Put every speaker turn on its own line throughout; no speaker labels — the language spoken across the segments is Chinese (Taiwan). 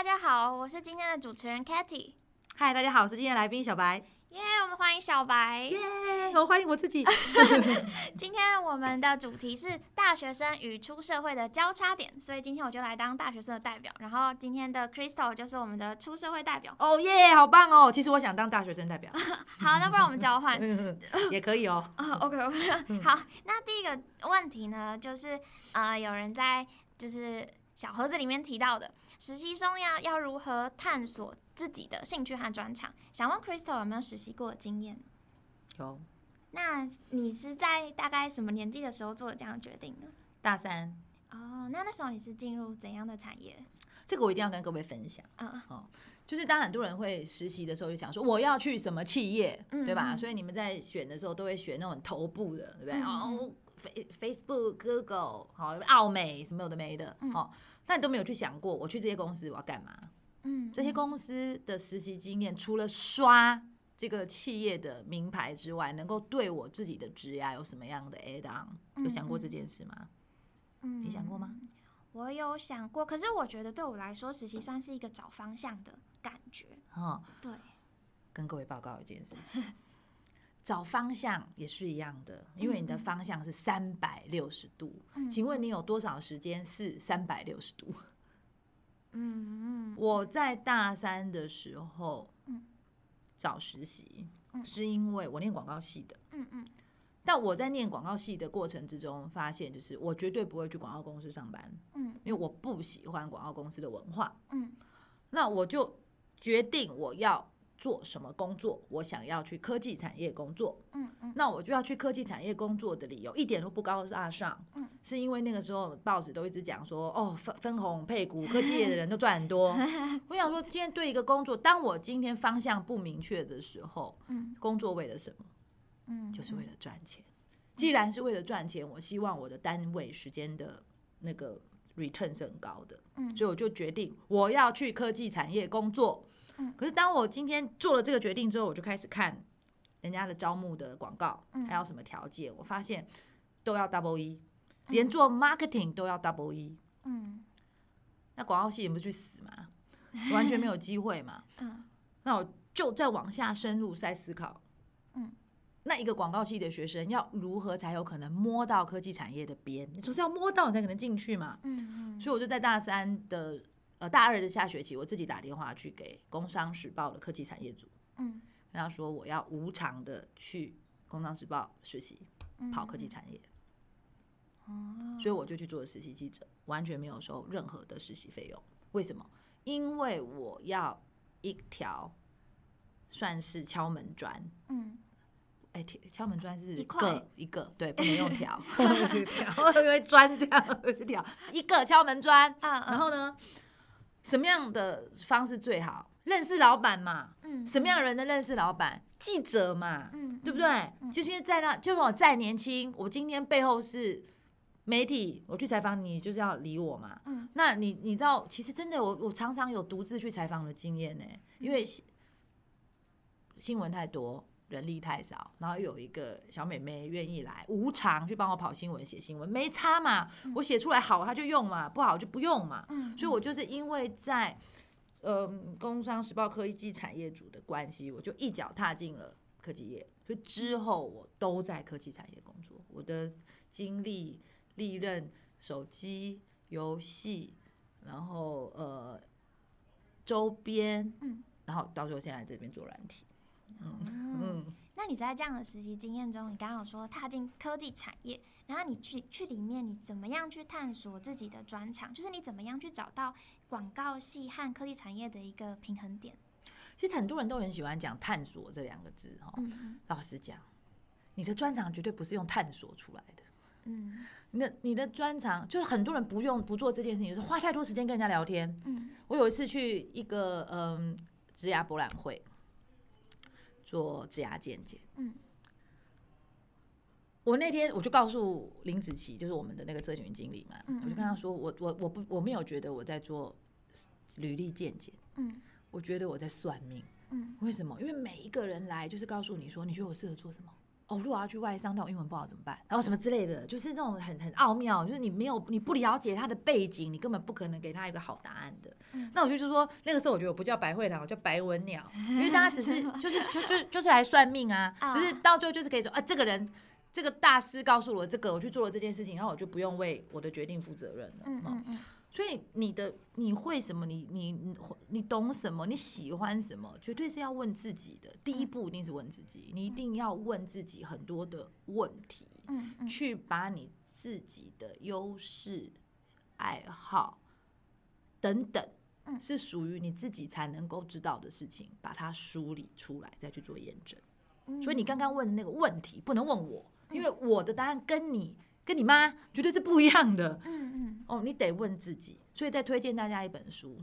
大家好，我是今天的主持人 Katy。嗨，大家好，我是今天來賓小白。耶、yeah，我們歡迎小白。耶、yeah，我歡迎我自己。 今天我們的主題是大學生與出社會的交叉點，所以今天我就來當大學生的代表。然後今天的 Crystal 就是我們的出社會代表。
哦耶，好棒哦！其實我想當大學生代表。
好，那不然我們交換
也可以哦。
uh, OK OK。 好，那第一個問題呢，就是呃，有人在就是小盒子裡面提到的。實習生要要如何探索自己的興趣和專長？想問 Crystal 有沒有實習過的經驗？
有、oh.。
那你是在大概什麼年紀的時候做的這樣決定呢？大三。哦、oh,，那那時候你是進入怎樣的產業？
這個我一定要跟各位分享
啊！哦、oh. oh.，
就是當很多人會
實習的時候，就想
說我要去什麼企業，對吧？Mm -hmm. 所以你們在選的時候都會選那種頭部的，對不對？哦、mm -hmm.。Oh. Facebook Google 好、奧美什麼有的沒的、嗯，哦，但你都沒有去想過，我去這些公司我要幹嘛嗯？嗯，
這些公
司的實習經驗，除了刷這個企業的名牌之外，能夠對我自己的職業有什麼樣的 add on？嗯、有想過這件事嗎？嗯，
你想過嗎？我有想過，可是我覺得對我來說，實習算是一個找方向的感覺。哦，對，
跟各位報告一件事情。 找方向也是一樣的，因為你的方向是三百六十度。Mm -hmm. 請問你有多少時間是三百六十度？嗯、mm -hmm. 我在大三的時候，找實習，mm -hmm. 是因為我念廣告系的，嗯、
mm -hmm.
但我在念廣告系的過程之中，發現就是我絕對不會去廣告公司上班，mm -hmm. 因為我不喜歡廣告公司的文化，嗯、
mm
-hmm. 那我就決定我要。做什麼工作？我想要去科技產業工作。
嗯
嗯，那我就要去科技產業工作的理由一點都不高大上，嗯，是因為那個時候報紙都一直講說，哦，分，分紅配股，科技業的人都賺很多。 我想說，今天對一個工作，當我今天方向不明確的時候，嗯，工作為了什麼？嗯，
就是為
了賺錢。嗯，既然是為了賺錢，我希望我的單位時間的那個 return 是很高的。嗯，所以我就決定我要去科技產業工作。可是當我今天做了這個決定之後，我就開始看人家的招募的廣告，還有什麼條件，嗯，我發現都要 double E，嗯，連做 marketing 都要 double E，
嗯，
那廣告系也不是去死嘛，
完全沒有
機會嘛， 嗯，那我就再往下深入再思考，嗯，那一個廣告系的學生要如何才有可能摸到科技產業的邊？你總是要摸到，你才可能進去嘛，嗯，嗯，所以我就在大三的。呃，大二的下學期，我自己打電話去給《工商時報》的科技產業組，嗯，跟他說我要無償的去《工商時報》實習跑科技產業，哦、
嗯，所以我
就去做實習記者，完全沒有收任何的實習費用。為什麼？因為我要一條算是敲門磚，嗯，欸、敲門磚是個一個一個，對，不能用條，不用條，因為磚這樣，一條一個敲門磚，然後呢，什麼樣的方式最好？認識老板嘛，嗯，什麼樣的人的認識老板？記者嘛，嗯，對不對？嗯嗯、就因為在那，就是我再年輕，我今天背後是媒體，我去採訪你就是要理我嘛，嗯，那你你知道，其實真的我，我我常常有獨自去採訪的經驗呢、欸，因為新聞太多。人力太少，然後又有一個小妹妹願意來無償去幫我跑新聞、寫新聞、沒差嘛？嗯、我寫出來好，他就用嘛；不好就不用嘛。嗯、所以我就是因為在嗯呃、工商時報科技產業組的關係，我就一腳踏進了科技業。所以之後我都在科技產業工作，我的經歷、歷任手機遊戲，然後呃周邊，然後到時候現在在這邊做軟體，嗯。嗯
你在這樣的實習經驗中，你剛剛有說踏進科技產業，然後你去去裡面，你怎麼樣去探索自己的專長？就是你怎麼樣去找到廣告系和科技產業的一個平衡點？
其實很多人都很喜歡講“探索”這兩個字，哈、哦嗯。老實講，你的專長絕對不是用探索出來的。嗯，你的你的專長就是很多人不用不做這件事情，就是花太多時間跟人家聊天。嗯，我有一次去一個嗯呃、植牙博覽會。做職業健
檢，
嗯，我那天我就告訴林子琪，就是我們的那個諮詢經理嘛，嗯，我就跟他說我，我我我不我沒有覺得我在做履歷健檢，嗯，我覺得我在算命，嗯，為什麼？因為每一個人來就是告訴你說，你覺得我適合做什麼。哦，如果我要去外商，但我英文不好怎麼辦？然後什麼之類的，就是那種很很奧妙，就是你沒有你不了解他的背景，你根本不可能給他一個好答案的。嗯、那我就說，那個時候我覺得我不叫白慧蘭，我叫白文鳥，因為大家只是就是 就是、就是就是、就是來算命啊、哦，只是到最後就是可以說啊，這個人這個大師告訴我這個，我去做了這件事情，然後我就不用為我的決定負責任了。嗯，嗯，嗯。所以你的你會什麼？你你你懂什麼？你喜歡什麼？絕對是要問自己的。第一步一定是問自己，你一定要問自己很多的問題，去把你自己的優勢、愛好等等，是屬於你自己才能夠知道的事情，把它梳理出來，再去做驗證。所以你剛剛問的那個問題不能問我，因為我的答案跟你。跟你媽絕對是不一樣的。嗯嗯，哦、oh，你得問自己。所以再推薦大家一本書。我、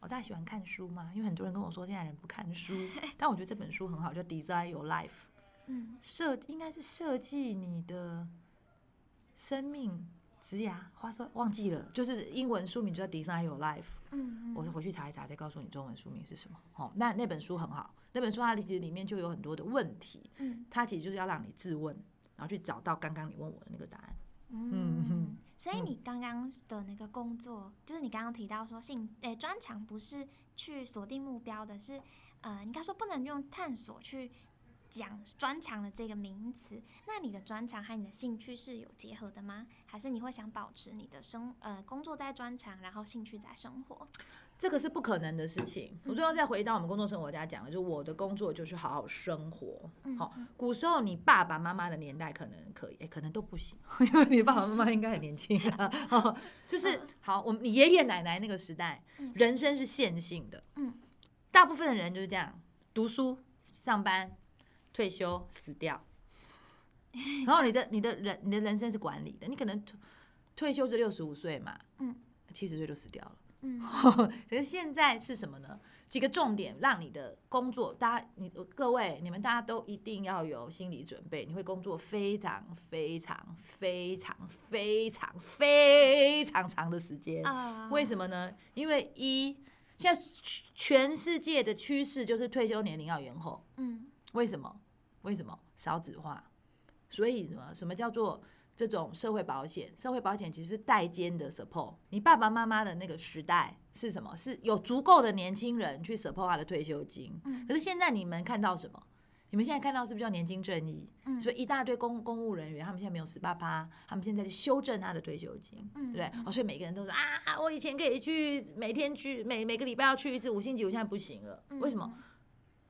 oh, 大家喜歡看書嗎？因為很多人跟我說，現在人不看書。 但我覺得這本書很好，叫《Design Your Life》。嗯，設應該是設計你的生命職涯，話說忘記了，就是英文書名叫《Design Your Life》，
嗯嗯。嗯，我
回去查一查，再告訴你中文書名是什麼？哦，那那本書很好，那本書它裡面就有很多的問題。嗯，它其實就是要讓你自問。然後去找到剛剛你問我的那個答案。
嗯，所以你剛剛的那個工作，嗯、就是你剛剛提到說性，誒，專長不是去鎖定目標的，是，呃，應該說不能用探索去。講專長的這個名詞，那你的專長和你的興趣是有結合的嗎？還是你會想保持你的生呃工作在專長，然後興趣在生活？
這個是不可能的事情。我最後再回到我們工作生活家講的、嗯，就我的工作就是好好生活。嗯、好、嗯，古時候你爸爸媽媽的年代可能可以，欸、可能都不行，嗯、因為你爸爸媽媽應該很年輕啊、嗯。就是、嗯、好，我們你爺爺奶奶那個時代，嗯、人生是線性的。
嗯，
大部分的人就是這樣讀書上班。退休死掉，然後你的你的人你的人生是管理的，你可能退休至六十五歲嘛，嗯，七十歲就死掉
了，
可、嗯、是 現在是什麼呢？幾個重點讓你的工作，大家你各位你們大家都一定要有心理準備，你會工作非常非常非常非常非常、非常、非常長的時間、啊、為什麼呢？因為一，現在全世界的趨勢就是退休年齡要延後，嗯，為什麼？為什麼少子化？所以什麼？什麼叫做這種社會保險？社會保險其實是代間的 support。你爸爸媽媽的那個時代是什麼？是有足夠的年輕人去 support 他的退休金，嗯。可是現在你們看到什麼？你們現在看到是不是叫年金正義、嗯？所以一大堆公公務人員，他們現在沒有十八趴，他們現在是修正他的退休金，嗯，對不對哦？所以每個人都說啊，我以前可以去每天去每每個禮拜要去一次五星級，我現在不行了。嗯，為什麼？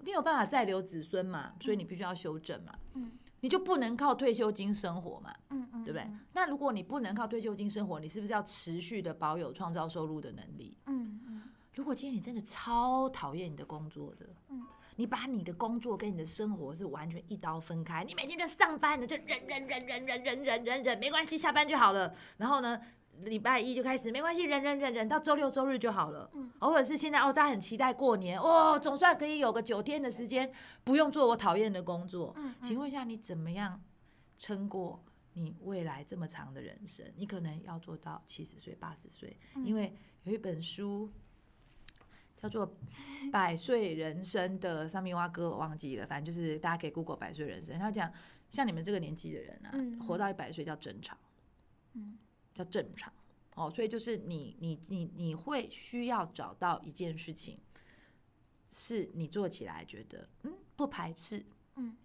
你沒有辦法再留子孫嘛，所以你必須要修正嘛，嗯、你就不能靠退休金生活嘛，嗯嗯，對不對、嗯嗯？那如果你不能靠退休金生活，你是不是要持續的保有創造收入的能力？嗯嗯，如果今天你真的超討厭你的工作的，嗯，你把你的工作跟你的生活是完全一刀分開，你每天在上班，你就忍忍忍忍忍忍忍忍，沒關係，下班就好了。然後呢？禮拜一就開始沒關係，忍忍忍忍到周六周日就好了。嗯，或者是現在哦，大家很期待過年哦，總算可以有個九天的時間不用做我討厭的工作嗯。嗯，請問一下，你怎麼樣撐過你未來這麼長的人生？你可能要做到七十歲、八十歲，因為有一本書叫做《百歲人生》的上面挖哥我忘記了，反正就是大家可以 Google 百歲人生。他講，像你們這個年紀的人啊，嗯、活到一百歲叫正常。嗯。叫正常哦，所以就是你你你你會需要找到一件事情，是你做起來覺得嗯不排斥嗯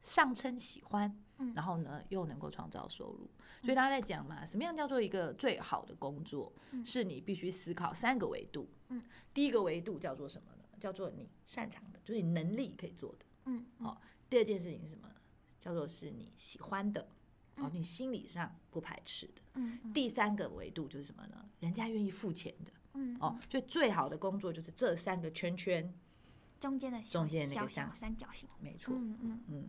上稱喜歡，嗯、然後呢又能夠創造收入、嗯，所以大家在講嘛，什麼樣叫做一個最好的工作？嗯、是你必須思考三個維度。
嗯，
第一個維度叫做什麼呢？叫做你擅長的，就是你能力可以做的。嗯，好、嗯哦。第二件事情是什麼？叫做是你喜歡的。哦，你心理上不排斥的。嗯。嗯。第三個維度就是什麼呢？人家願意付錢的。嗯。嗯。哦，所以最好的工作就是這三個圈圈
中間的中間那個小、小三角形。
沒錯。嗯嗯嗯。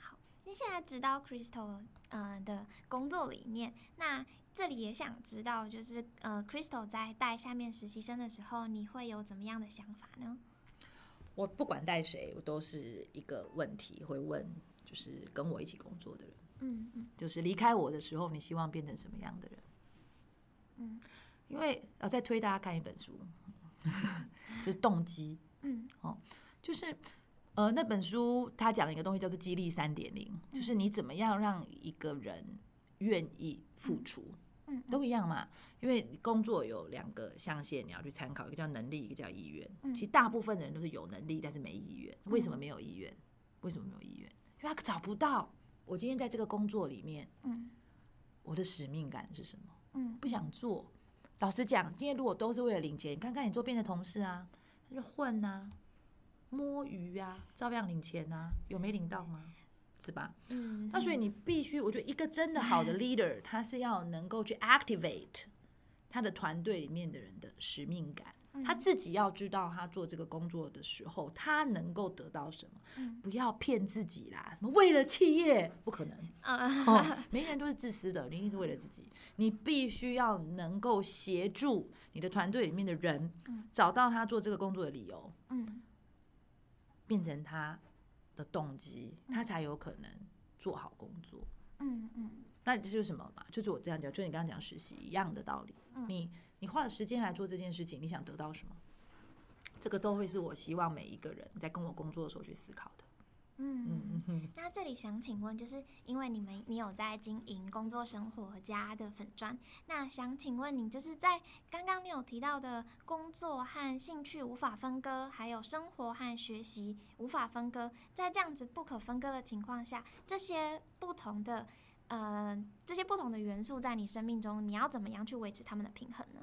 好，你現在知道 Crystal 呃的工作理念。那這裡也想知道，就是呃，Crystal 在帶下面實習生的時候，你會有怎麼樣的想法呢？
我不管帶誰，我都是一個問題會問，就是跟我一起工作的人。嗯,嗯就是離開我的時候，你希望變成什麼樣的人？
嗯，
因為我再推大家看一本書， 就是動機。
嗯
哦，就是呃，那本書它講的一個東西叫做激勵三點零，就是你怎麼樣讓一個人願意付出？嗯，都一樣嘛。嗯嗯、因為工作有兩個象限，你要去參考，一個叫能力，一個叫意願、嗯。其實大部分的人都是有能力，但是沒意願。為什麼沒有意願、嗯？為什麼沒有意願、嗯？因為他找不到。我今天在這個工作裡面，嗯，我的使命感是什麼？嗯，不想做。老實講，今天如果都是為了領錢，你看看你周邊的同事啊，他就混吶、啊、摸魚啊，照樣領錢吶、啊，有沒領到嗎？是吧？嗯。那所以你必須，我覺得一個真的好的 leader，他是要能夠去 activate 他的團隊裡面的人的使命感。他自己要知道，他做這個工作的時候，他能夠得到什麼？嗯、不要騙自己啦！什麼為了企業？不可能！Uh, 每個人都是自私的， 你一定是為了自己。你必須要能夠協助你的團隊裡面的人、嗯，找到他做這個工作的理由，
嗯、
變成他的動機，他才有可能做好工作。嗯。嗯那這就是什麼嘛？就是我這樣講，就你剛剛講實習一樣的道理。嗯、你你花了時間來做這件事情，你想得到什麼？這個都會是我希望每一個人在跟我工作的時候去思考的。嗯
嗯嗯。 那這裡想請問，就是因為你們你有在經營工作生活家的粉專，那想請問你，就是在剛剛你有提到的工作和興趣無法分割，還有生活和學習無法分割，在這樣子不可分割的情況下，這些不同的。呃，這些不同的元素在你生命中，你要怎麼樣去維持他們的平衡呢？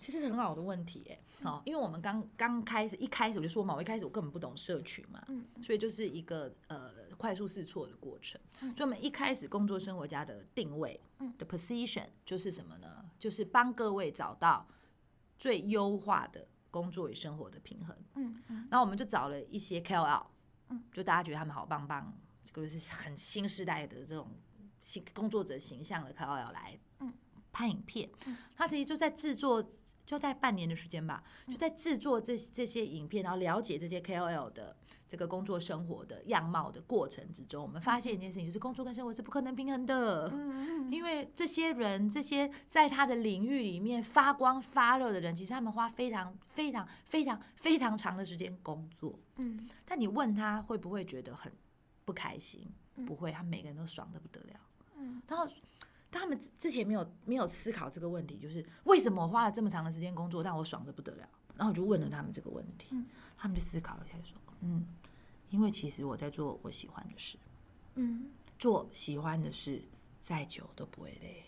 其實是很好的問題。欸，哎，好，因為我們剛剛開始一開始我就說嘛，我一開始我根本不懂社群嘛，嗯，嗯，所以就是一個呃快速試錯的過程。嗯，所以我們一開始工作生活家的定位，嗯，的 position 就是什麼呢？就是幫各位找到最優化的工作與生活的平衡。嗯，那、嗯、然後我們就找了一些 KOL，嗯，就大家覺得他們好棒棒。這個是很新時代的這種新工作者形象的 KOL 來拍影片，嗯嗯、他其實就在制作，就在半年的時間吧，就在制作這這些影片，然後了解這些 KOL 的這個工作生活的樣貌的過程之中，我們發現一件事情，就是工作跟生活是不可能平衡的，嗯嗯、因為這些人這些在他的領域裡面發光發熱的人，其實他們花非常非常非常非常長的時間工作，嗯，但你問他會不會覺得很不開心？不會，他每個人都爽得不得了。嗯，然後但他們之前沒有沒有思考這個問題，就是為什麼我花了這麼長的時間工作，但我爽得不得了？然後我就問了他們這個問題，嗯、他們就思考了一下，就說：“嗯，因為其實我在做我喜歡的事，嗯，做喜歡的事、嗯、再久都不會累。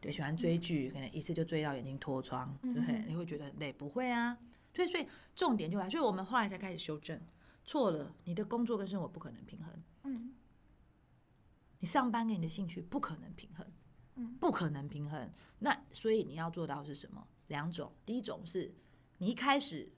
對，喜歡追劇、嗯，可能一次就追到眼睛脫窗，對，嗯、你會覺得很累。不會啊，所以所以重點就來，所以我們後來才開始修正，錯了，你的工作跟生活不可能平衡。”嗯，你上班跟你的興趣不可能平衡，
嗯，不可
能平衡。那所以你要做到的是什麼？兩種，第一種是你一開始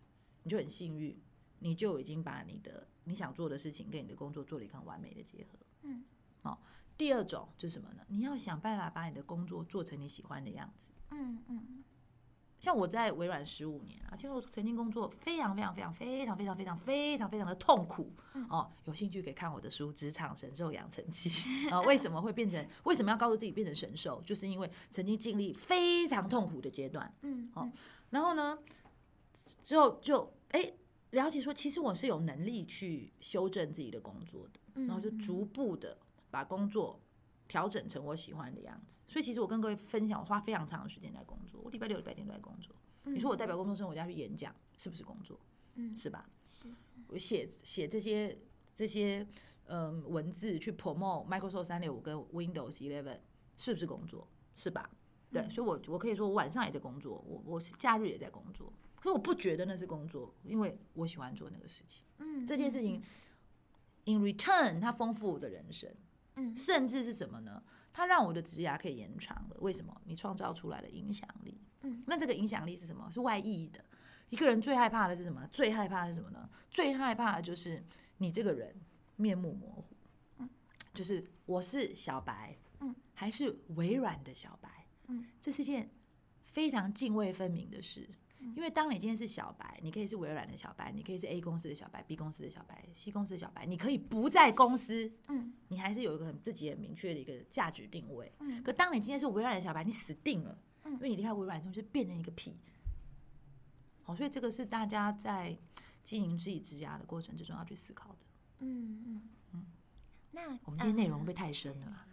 你就很幸運，你就已經把你的你想做的事情跟你的工作做了一個很完美的結合，嗯，好、哦。第二種就是什麼呢？你要想辦法把你的工作做成你喜歡的樣子，嗯嗯。像我在微軟十五年、啊，其實我曾經工作非常非常非常非常非常非常非常非常的痛苦、嗯、哦。有興趣可以看我的書《職場神獸養成記》啊、哦，為什麼會變成 為什麼要告訴自己變成神獸？就是因為曾經經歷非常痛苦的階段嗯，嗯，哦，然後呢，之後就哎、欸、了解說，其實我是有能力去修正自己的工作的，然後就逐步的把工作。調整成我喜歡的樣子，所以其實我跟各位分享，我花非常長的時間在工作。我禮拜六、禮拜天都在工作。你、嗯、說我代表工作生活家要去演講，是不是工作？嗯，是吧？是。我寫寫這些這些嗯文字去 promote Microsoft 三六五跟 Windows eleven，是不是工作？是吧？嗯、對，所以我，我我可以說，我晚上也在工作，我我假日也在工作，可是我不覺得那是工作，因為我喜歡做那個事情。嗯，
這件事情、
嗯、，in return，它豐富我的人生。嗯、甚至是什麼呢？它讓我的職業可以延長了。為什麼？你創造出來的影響力、嗯。那這個影響力是什麼？是外溢的。一個人最害怕的是什麼？最害怕的是什麼呢？最害怕的就是你這個人面目模糊。嗯、就是我是小白、嗯，還是微軟的小白。嗯嗯、這是件非常涇渭分明的事。因為當你今天是小白，你可以是微軟的小白，你可以是 A 公司的小白，B 公司的小白，C 公司的小白，你可以不在公司，你還是有一個很自己很明確的一個價值定位。嗯。可當你今天是微軟的小白，你死定了，嗯。因為你離開微軟的時候就變成一個屁。好，所以這個是大家在經營自己職涯的過程之中要去思考的。
嗯嗯
嗯。那我
們今天內容會太深
了？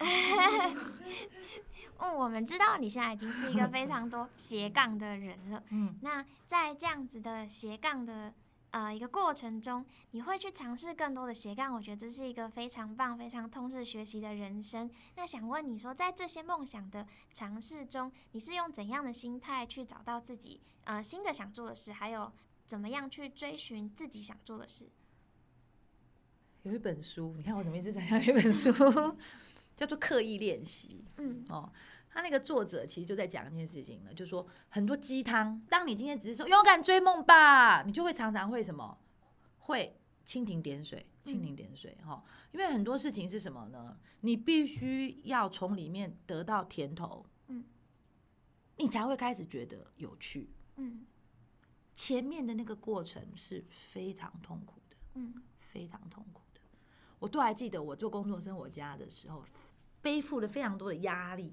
哦， 我們知道你現在已經是一個非常多斜槓的人了。 嗯，那在這樣子的斜槓的呃一個過程中，你會去嘗試更多的斜槓，我覺得這是一個非常棒、非常通識學習的人生。那想問你說，在這些夢想的嘗試中，你是用怎樣的心態去找到自己呃新的想做的事，還有怎麼樣去追尋自己想做的事？
有一本書，你看我怎麼一直在看一本書，
叫做《刻意練習》。
嗯，哦，他那個作者其實就在講一件事情了，就說很多雞湯，當你今天只是說勇敢追夢吧，你就會常常會什麼，會蜻蜓點水，蜻蜓點水，哈、嗯，因為很多事情是什麼呢？你必須要從裡面得到甜頭，嗯，你才會開始覺得有趣，嗯，前面的那個過程是非常痛苦的，嗯，非常痛苦。我都還記得，我做工作生活家的時候，背負了非常多的壓力，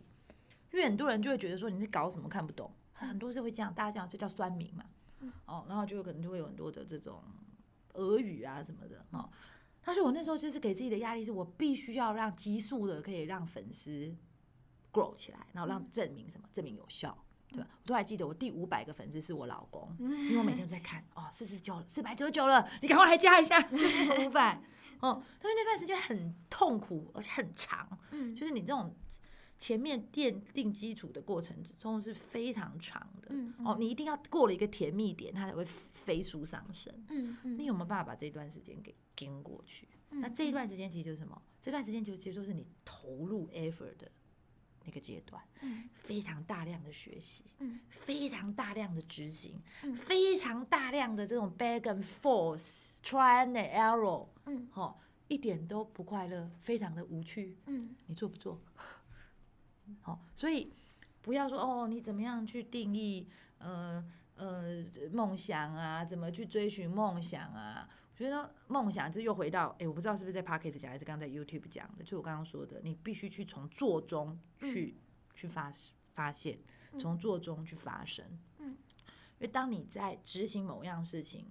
因為很多人就會覺得說你是搞什麼看不懂，很多是會這樣，大家這樣這叫酸民嘛、嗯，哦，然後就可能就會有很多的這種俄語啊什麼的哦，但是我那時候就是給自己的壓力是我必須要讓激素的可以讓粉絲 grow 起來，然後讓證明什麼、嗯、證明有效。對吧，我都還記得我第五百個粉絲是我老公、嗯，因為我每天都在看哦，四十九了，四百九十九了，你趕快來加一下，嗯、五百。哦，所以那段時間很痛苦，而且很長。嗯，就是你這種前面奠定基礎的過程中是非常長的、嗯嗯。哦，你一定要過了一個甜蜜點，它才會飛速上升。嗯、嗯，你有沒有辦法把這段時間給跟過去、嗯？那這一段時間其實就是什麼？嗯、這段時間就其實說是你投入 effort 的那個階段、嗯，非常大量的學習、嗯，非常大量的執行、嗯，非常大量的這種 back and forth。Try and error 嗯，一點都不快樂，非常的無趣，
嗯，
你做不做？好，所以不要說哦，你怎麼樣去定義，呃呃，夢想啊，怎麼去追尋夢想啊？我覺得夢想就又回到，哎、欸，我不知道是不是在 Podcast 講，還是剛剛在 YouTube 講的，就我剛剛說的，你必須去從做中去、嗯、去發發現，從做中去發生，嗯，
因
為當你在執行某樣事情。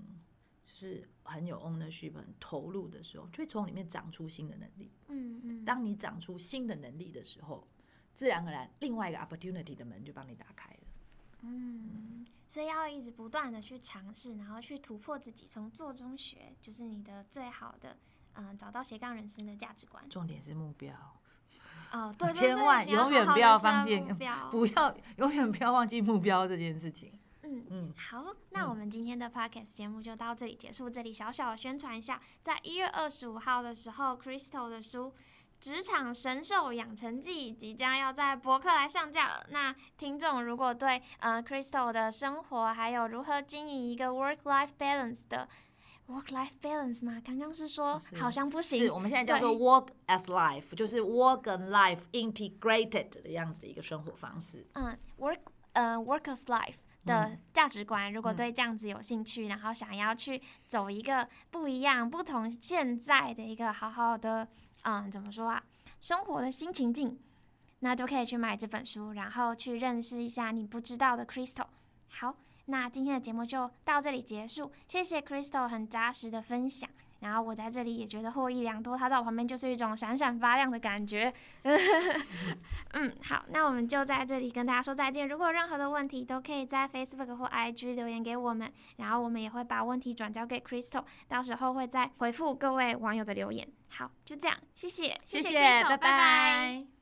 就是很有 ownership，很投入的時候，就會從裡面長出新的能力。嗯嗯。當你長出新的能力的時候，自然而然，另外一個 opportunity 的門就幫你打開了。
嗯，所以要一直不斷的去嘗試，然後去突破自己，從做中學，就是你的最好的，嗯，找到斜槓人生的價值觀。重
點是目標。
哦，對，對，對，千萬永遠不要放棄目標，不
要，不要永遠不要忘記目標這件事情。
嗯，好，那我們今天的 podcast 節目就到這裡結束。這裡小小的宣傳一下，在一月二十五號的時候，Crystal 的書《職場神獸養成記》即將要在博客來上架了。那聽眾如果對呃 Crystal 的生活，還有如何經營一個 work life balance 的 work life balance 嗎？剛剛是說好像不行，是是我們現在叫做 work
as life，就是 work and life integrated 的樣子的一個生活方式。嗯、
呃，work 呃 work as life。的價值觀、嗯，如果對這樣子有興趣、嗯，然後想要去走一個不一樣、不同現在的一個好好的，嗯，怎麼說啊，生活的新情境，那就可以去買這本書，然後去認識一下你不知道的 Crystal。好，那今天的節目就到這裡結束，謝謝 Crystal 很扎實的分享。然後我在這裡也覺得獲益良多，他在我旁邊就是一種閃閃發亮的感覺。 嗯，好，那我們就在這裡跟大家說再見。如果有任何的問題，都可以在 Facebook 或 IG 留言給我們，然後我們也會把問題轉交給 Crystal，到時候會再回復各位網友的留言。好，就這樣，謝謝，謝謝，謝謝 Crystal, 拜拜。拜拜。